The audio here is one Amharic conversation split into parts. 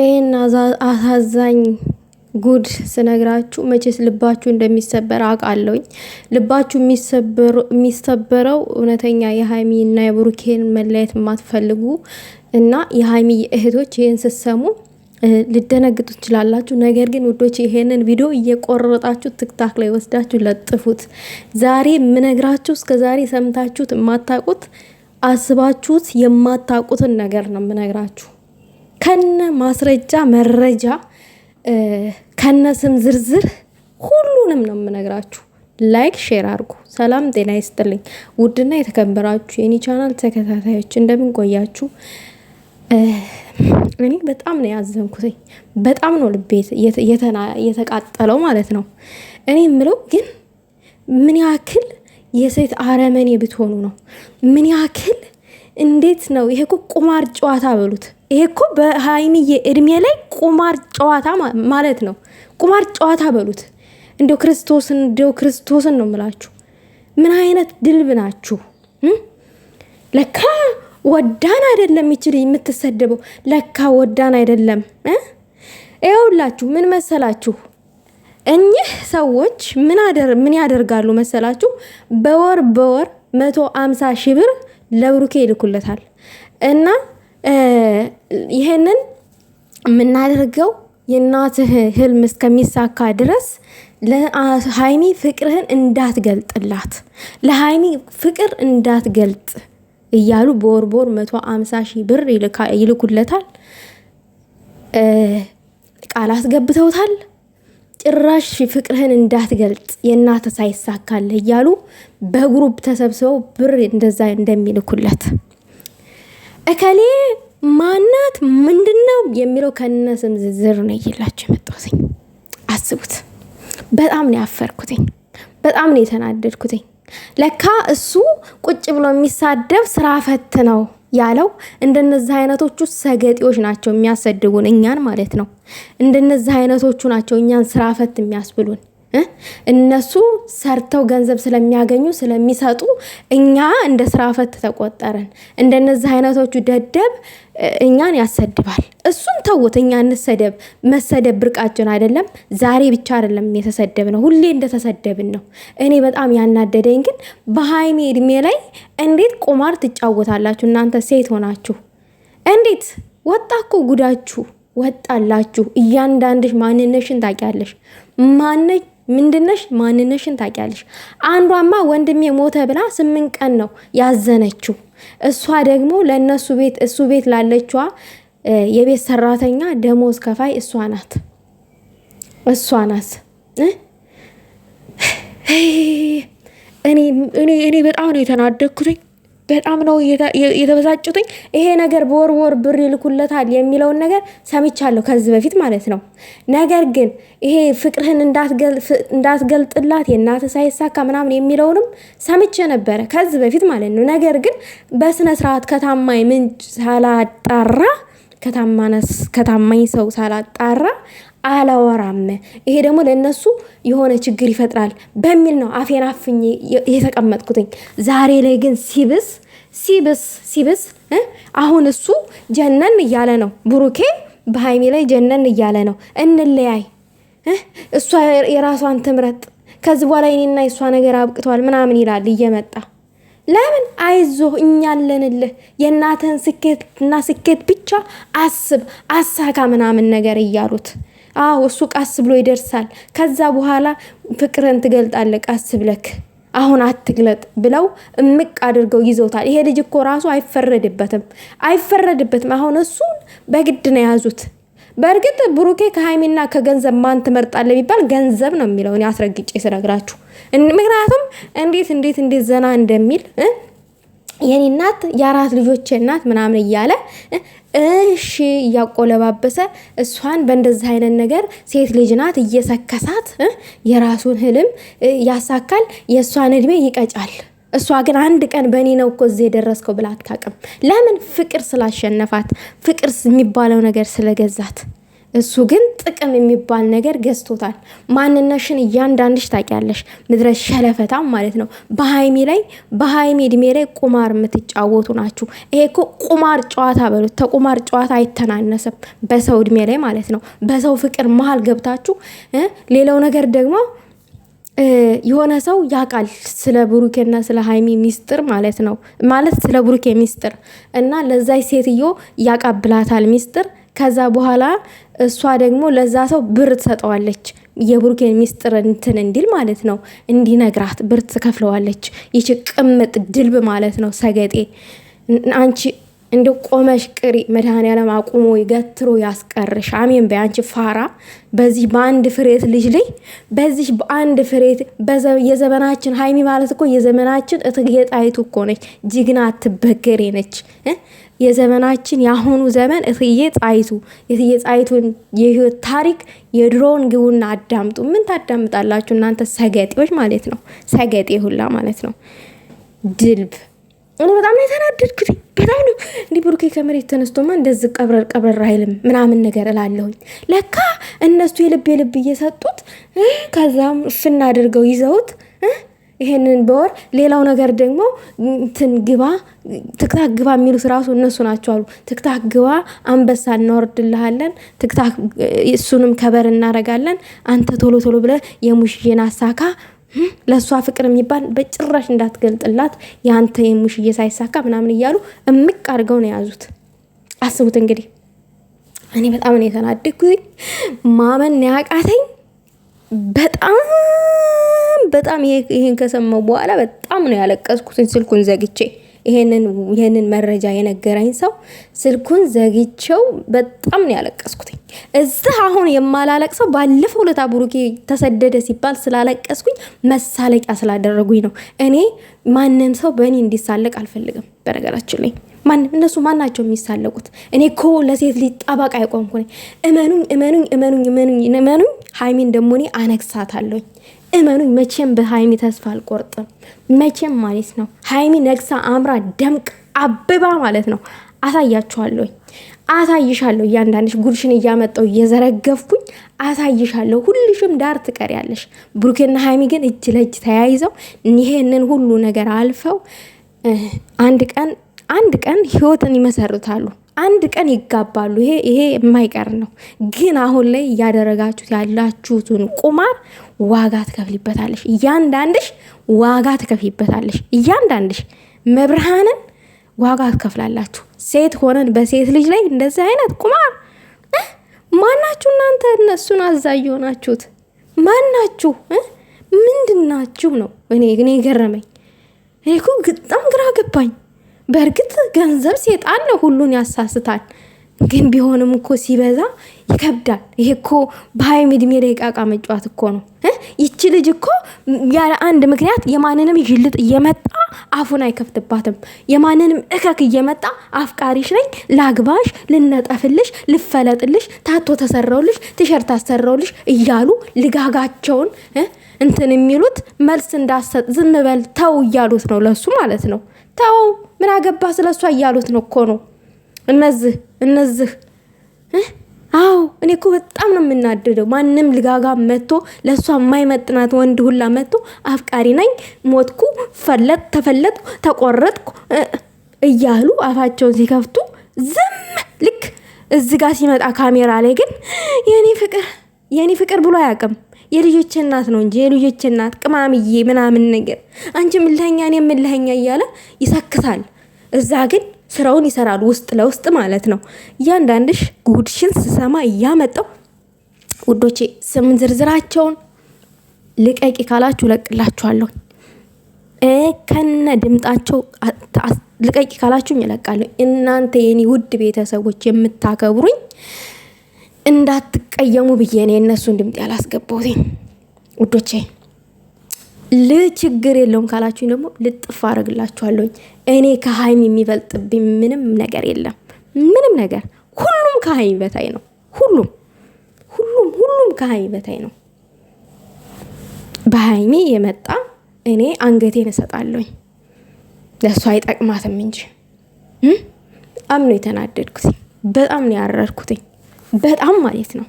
ይህን አሳዛኝ ጉድ ስነግራችሁ መቼስ ልባችሁ እንደሚሰበር አውቃለሁኝ። ልባችሁ የሚሰበረው እውነተኛ የሀይሚ እና የብሩኬን መለየት የማትፈልጉ እና የሀይሚ እህቶች ይህን ስትሰሙ ልደነግጡ ትችላላችሁ። ነገር ግን ውዶች ይሄንን ቪዲዮ እየቆረጣችሁ ትክታክ ላይ ወስዳችሁ ለጥፉት። ዛሬ የምነግራችሁ እስከ ዛሬ ሰምታችሁት የማታቁት አስባችሁት የማታቁትን ነገር ነው የምነግራችሁ። ከነ ማስረጃ መረጃ ከነ ስም ዝርዝር ሁሉንም ነው የምነግራችሁ። ላይክ ሼር አድርጉ። ሰላም ጤና ይስጥልኝ። ውድና የተከበራችሁ የኔ ቻናል ተከታታዮች እንደምን ቆያችሁ? እኔ በጣም ነው ያዘንኩትኝ። በጣም ነው ልቤ የተቃጠለው ማለት ነው። እኔ የምለው ግን ምን ያክል የሴት አረመኔ ብትሆኑ ነው ምን ያክል እንዴት ነው ይሄ? እኮ ቁማር ጨዋታ በሉት። ይሄ እኮ በሀይሚዬ እድሜ ላይ ቁማር ጨዋታ ማለት ነው። ቁማር ጨዋታ በሉት። እንደው ክርስቶስን እንደው ክርስቶስን ነው የምላችሁ። ምን አይነት ድልብ ናችሁ? ለካ ወዳን አይደለም ይችል የምትሰደበው፣ ለካ ወዳን አይደለም። ይኸውላችሁ ምን መሰላችሁ እኚህ ሰዎች ምን ያደርጋሉ መሰላችሁ? በወር በወር መቶ አምሳ ሺህ ብር ለብሩኬ ይልኩለታል እና ይህንን የምናደርገው የእናትህ ህልም እስከሚሳካ ድረስ ለሀይሚ ፍቅርህን እንዳትገልጥላት፣ ለሀይሚ ፍቅር እንዳትገልጥ እያሉ በወር በወር መቶ አምሳ ሺህ ብር ይልኩለታል። ቃል አስገብተውታል። ጭራሽ ፍቅርህን እንዳትገልጽ የእናት ሳይሳካልህ እያሉ በግሩፕ ተሰብስበው ብር እንደዛ እንደሚልኩለት እከሌ ማናት ምንድነው የሚለው ከነ ስም ዝርዝር ነው እየላቸው የመጣሁትኝ። አስቡት። በጣም ነው ያፈርኩትኝ። በጣም ነው የተናደድኩትኝ። ለካ እሱ ቁጭ ብሎ የሚሳደብ ስራ ፈት ነው። ያለው እንደነዚህ አይነቶቹ ሰገጤዎች ናቸው የሚያሰድቡን እኛን ማለት ነው። እንደነዚህ አይነቶቹ ናቸው እኛን ስራ ፈት የሚያስብሉን። እነሱ ሰርተው ገንዘብ ስለሚያገኙ ስለሚሰጡ እኛ እንደ ስራ ፈት ተቆጠርን። እንደነዚህ አይነቶቹ ደደብ እኛን ያሰድባል። እሱም ተውት፣ እኛ እንሰደብ። መሰደብ ብርቃችን አይደለም። ዛሬ ብቻ አይደለም የተሰደብ ነው፣ ሁሌ እንደተሰደብን ነው። እኔ በጣም ያናደደኝ ግን በሀይሜ እድሜ ላይ እንዴት ቁማር ትጫወታላችሁ? እናንተ ሴት ሆናችሁ እንዴት ወጣኮ ጉዳችሁ ወጣላችሁ። እያንዳንድሽ ማንነሽን ታውቂያለሽ ማነች ምንድነሽ? ማንነሽን ታውቂያለሽ። አንዷማ ወንድሜ ሞተ ብላ ስምንት ቀን ነው ያዘነችው። እሷ ደግሞ ለእነሱ ቤት እሱ ቤት ላለችዋ የቤት ሰራተኛ ደሞዝ ከፋይ እሷ ናት እሷ ናት። እኔ በጣም ነው የተናደኩትኝ። በጣም ነው የተበሳጩትኝ። ይሄ ነገር በወር ወር ብር ይልኩለታል የሚለውን ነገር ሰምቻለሁ ከዚህ በፊት ማለት ነው። ነገር ግን ይሄ ፍቅርህን እንዳትገልጥላት የእናትህ ሳይሳካ ምናምን የሚለውንም ሰምቼ ነበረ ከዚህ በፊት ማለት ነው። ነገር ግን በስነ ስርዓት ከታማኝ ምንጭ ሳላጣራ ከታማኝ ሰው ሳላጣራ አላወራም፣ ይሄ ደግሞ ለእነሱ የሆነ ችግር ይፈጥራል በሚል ነው አፌን አፍኜ የተቀመጥኩትኝ። ዛሬ ላይ ግን ሲብስ ሲብስ ሲብስ አሁን እሱ ጀነን እያለ ነው፣ ብሩኬ በሀይሜ ላይ ጀነን እያለ ነው። እንለያይ፣ እሷ የራሷን ትምረጥ፣ ከዚህ በኋላ እኔና የእሷ ነገር አብቅተዋል ምናምን ይላል እየመጣ ለምን አይዞ እኛ አለንልህ፣ የእናትህን ስኬትና ስኬት ብቻ አስብ፣ አሳካ ምናምን ነገር እያሉት አዎ እሱ ቃስ ብሎ ይደርሳል። ከዛ በኋላ ፍቅርን ትገልጣለ ቃስ ብለክ አሁን አትግለጥ ብለው እምቅ አድርገው ይዘውታል። ይሄ ልጅ እኮ ራሱ አይፈረድበትም አይፈረድበትም። አሁን እሱን በግድ ነው የያዙት። በእርግጥ ብሩኬ ከሀይሚና ከገንዘብ ማን ትመርጣለ የሚባል ገንዘብ ነው የሚለው እኔ አስረግጬ ስነግራችሁ። ምክንያቱም እንዴት እንዴት እንዴት ዘና እንደሚል የኔ እናት የአራት ልጆች እናት ምናምን እያለ እሺ እያቆለባበሰ እሷን በእንደዚህ አይነት ነገር ሴት ልጅ ናት እየሰከሳት የራሱን ህልም ያሳካል፣ የእሷን እድሜ ይቀጫል። እሷ ግን አንድ ቀን በእኔ ነው እኮ እዚህ የደረስከው ብላ አታውቅም። ለምን? ፍቅር ስላሸነፋት፣ ፍቅር የሚባለው ነገር ስለገዛት እሱ ግን ጥቅም የሚባል ነገር ገዝቶታል። ማንነሽን እያንዳንድሽ ታውቂያለሽ፣ ምድረ ሸለፈታም ማለት ነው። በሀይሚ ላይ በሀይሚ እድሜ ላይ ቁማር የምትጫወቱ ናችሁ። ይሄ እኮ ቁማር ጨዋታ በሉት፣ ተቁማር ጨዋታ አይተናነስም። በሰው እድሜ ላይ ማለት ነው። በሰው ፍቅር መሀል ገብታችሁ። ሌላው ነገር ደግሞ የሆነ ሰው ያውቃል ስለ ብሩኬና ስለ ሀይሚ ሚስጥር ማለት ነው ማለት ስለ ብሩኬ ሚስጥር እና ለዛች ሴትዮ ያቃብላታል ሚስጥር ከዛ በኋላ እሷ ደግሞ ለዛ ሰው ብር ትሰጠዋለች። የብሩኬን ሚስጥር እንትን እንዲል ማለት ነው እንዲነግራት ብር ትከፍለዋለች። ይች ቅምጥ ድልብ ማለት ነው ሰገጤ አንቺ እንደ ቆመሽ ቅሪ መድኃኔዓለም አቁሞ ገትሮ ያስቀርሽ። አሜን በያንቺ ፋራ። በዚህ በአንድ ፍሬት ልጅ ላይ በዚህ በአንድ ፍሬት የዘመናችን ሀይሚ ማለት እኮ የዘመናችን እትዬ ጣይቱ እኮ ነች። ጅግና አትበገሬ ነች። የዘመናችን የአሁኑ ዘመን እትዬ ጣይቱ የእትዬ ጣይቱን የህይወት ታሪክ የድሮውን ግቡና አዳምጡ። ምን ታዳምጣላችሁ እናንተ ሰገጤዎች ማለት ነው። ሰገጤ ሁላ ማለት ነው ድልብ እኔ በጣም ነው የተናደድኩት። በጣም ነው እንዲህ ብሩኬ ከመሬት ተነስቶማ እንደዚህ ቀብረር ቀብረር አይልም ምናምን ነገር እላለሁኝ። ለካ እነሱ የልብ የልብ እየሰጡት ከዛም እፍና አድርገው ይዘውት ይሄንን በወር ሌላው ነገር ደግሞ እንትን ግባ ትክታክ ግባ የሚሉት ራሱ እነሱ ናቸው አሉ። ትክታክ ግባ አንበሳ እናወርድልሃለን፣ ትክታክ እሱንም ከበር እናረጋለን፣ አንተ ቶሎ ቶሎ ብለህ የሙሽዬን አሳካ ለእሷ ፍቅር የሚባል በጭራሽ እንዳትገልጥላት የአንተ የሙሽዬ ሳይሳካ ምናምን እያሉ እምቅ አድርገው ነው የያዙት። አስቡት እንግዲህ እኔ በጣም ነው የተናደድኩ። ማመን ያቃተኝ በጣም በጣም ይህን ከሰማው በኋላ በጣም ነው ያለቀስኩትኝ ስልኩን ዘግቼ ይሄንን መረጃ የነገረኝ ሰው ስልኩን ዘግቼው በጣም ነው ያለቀስኩትኝ። እዚህ አሁን የማላለቅሰው ባለፈው ለታ ብሩኬ ተሰደደ ሲባል ስላለቀስኩኝ መሳለቂያ ስላደረጉኝ ነው። እኔ ማንም ሰው በእኔ እንዲሳለቅ አልፈልግም። በነገራችን ላይ ማን እነሱ ናቸው የሚሳለቁት? እኔ እኮ ለሴት ልጅ ጠበቃ አይቆምኩ እመኑኝ፣ እመኑኝ፣ እመኑኝ፣ እመኑኝ፣ እመኑኝ። ሀይሚን ደግሞ እኔ አነግሳታለሁኝ። እመኑኝ መቼም በሀይሚ ተስፋ አልቆርጥም። መቼም ማለት ነው ሀይሚ ነግሳ አምራ ደምቅ አብባ ማለት ነው አሳያችኋለሁ፣ አሳይሻለሁ። እያንዳንድሽ ጉድሽን እያመጣው እየዘረገፍኩኝ አሳይሻለሁ። ሁልሽም ዳር ትቀሪያለሽ። ብሩኬና ሀይሚ ግን እጅ ለእጅ ተያይዘው ይሄንን ሁሉ ነገር አልፈው አንድ ቀን አንድ ቀን ህይወትን ይመሰርታሉ። አንድ ቀን ይጋባሉ። ይሄ ይሄ የማይቀር ነው። ግን አሁን ላይ እያደረጋችሁት ያላችሁትን ቁማር ዋጋ ትከፍልበታለሽ። እያንዳንድሽ ዋጋ ትከፍልበታለሽ። እያንዳንድሽ መብርሃንን ዋጋ ትከፍላላችሁ። ሴት ሆነን በሴት ልጅ ላይ እንደዚህ አይነት ቁማር ማናችሁ? እናንተ እነሱን አዛዥ የሆናችሁት ማናችሁ? ምንድናችሁ ነው? እኔ እኔ ገረመኝ። እኔ እኮ በጣም ግራ ገባኝ። በእርግጥ ገንዘብ ሴጣን ነው፣ ሁሉን ያሳስታል። ግን ቢሆንም እኮ ሲበዛ ይከብዳል። ይሄ እኮ በሀይም እድሜ ደቂቃ መጫወት እኮ ነው። ይቺ ልጅ እኮ ያለ አንድ ምክንያት የማንንም ይልጥ እየመጣ አፉን አይከፍትባትም። የማንንም እከክ እየመጣ አፍቃሪሽ ነኝ ላግባሽ፣ ልነጠፍልሽ፣ ልፈለጥልሽ፣ ታቶ ተሰራውልሽ፣ ቲሸርት አሰራውልሽ እያሉ ልጋጋቸውን እንትን የሚሉት መልስ እንዳሰጥ ዝም በል ተው እያሉት ነው። ለሱ ማለት ነው ተው ምን አገባ ስለ እሷ እያሉት ነው እኮ ነው እነዚህ እነዚህ አዎ እኔ እኮ በጣም ነው የምናደደው። ማንም ልጋጋ መጥቶ ለእሷ የማይመጥናት ወንድ ሁላ መጥቶ አፍቃሪ ነኝ፣ ሞትኩ፣ ፈለጥ ተፈለጥኩ፣ ተቆረጥኩ እያሉ አፋቸውን ሲከፍቱ ዝም ልክ እዚህ ጋር ሲመጣ ካሜራ ላይ ግን የኔ ፍቅር የኔ ፍቅር ብሎ አያውቅም። የልጆች እናት ነው እንጂ የልጆች እናት ቅማምዬ ምናምን ነገር አንቺ ምልኸኛ እኔ ምልኸኛ እያለ ይሰክሳል። እዛ ግን ስራውን ይሰራል፣ ውስጥ ለውስጥ ማለት ነው። እያንዳንድሽ ጉድሽን ስሰማ እያመጣው ውዶቼ ስም ዝርዝራቸውን ልቀቂ ካላችሁ እለቅላችኋለሁ። ከነ ድምጣቸው ልቀቂ ካላችሁኝ እለቃለሁ። እናንተ የኔ ውድ ቤተሰቦች የምታከብሩኝ እንዳትቀየሙ ብዬ ነው የእነሱን ድምፅ ያላስገባሁትኝ ውዶቼ። ልችግር የለውም ካላችሁኝ ደግሞ ልጥፍ አረግላችኋለሁኝ እኔ ከሀይሚ የሚበልጥብኝ ምንም ነገር የለም፣ ምንም ነገር። ሁሉም ከሀይሚ በታይ ነው። ሁሉም ሁሉም ሁሉም ከሀይሚ በታይ ነው። በሀይሚ የመጣ እኔ አንገቴን እሰጣለሁኝ። ለእሱ አይጠቅማትም እንጂ በጣም ነው የተናደድኩት፣ በጣም ነው ያረርኩትኝ። በጣም ማለት ነው።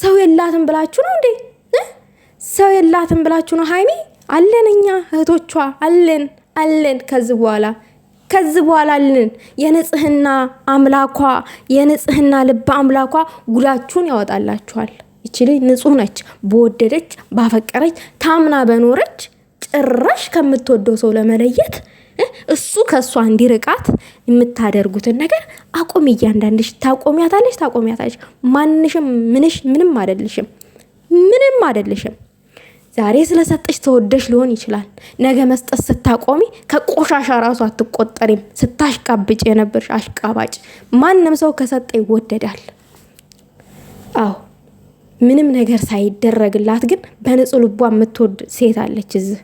ሰው የላትም ብላችሁ ነው እንዴ? ሰው የላትም ብላችሁ ነው? ሀይሚ አለን፣ እኛ እህቶቿ አለን፣ አለን። ከዚህ በኋላ ከዚህ በኋላ አለን። የንጽህና አምላኳ የንጽህና ልብ አምላኳ ጉዳችሁን ያወጣላችኋል። ይቺ ልጅ ንጹህ ነች። በወደደች ባፈቀረች ታምና በኖረች ጭራሽ ከምትወደው ሰው ለመለየት እሱ ከእሷ እንዲርቃት የምታደርጉትን ነገር አቆም እያንዳንድሽ ታቆሚያታለሽ፣ ታቆሚያታለሽ። ማንሽም ምንሽ ምንም አደልሽም፣ ምንም አደልሽም። ዛሬ ስለሰጠሽ ተወደሽ ሊሆን ይችላል። ነገ መስጠት ስታቆሚ ከቆሻሻ ራሱ አትቆጠሪም። ስታሽቃብጭ የነበርሽ አሽቃባጭ። ማንም ሰው ከሰጠ ይወደዳል። አዎ ምንም ነገር ሳይደረግላት ግን በንጹህ ልቧ የምትወድ ሴት አለች እዚህ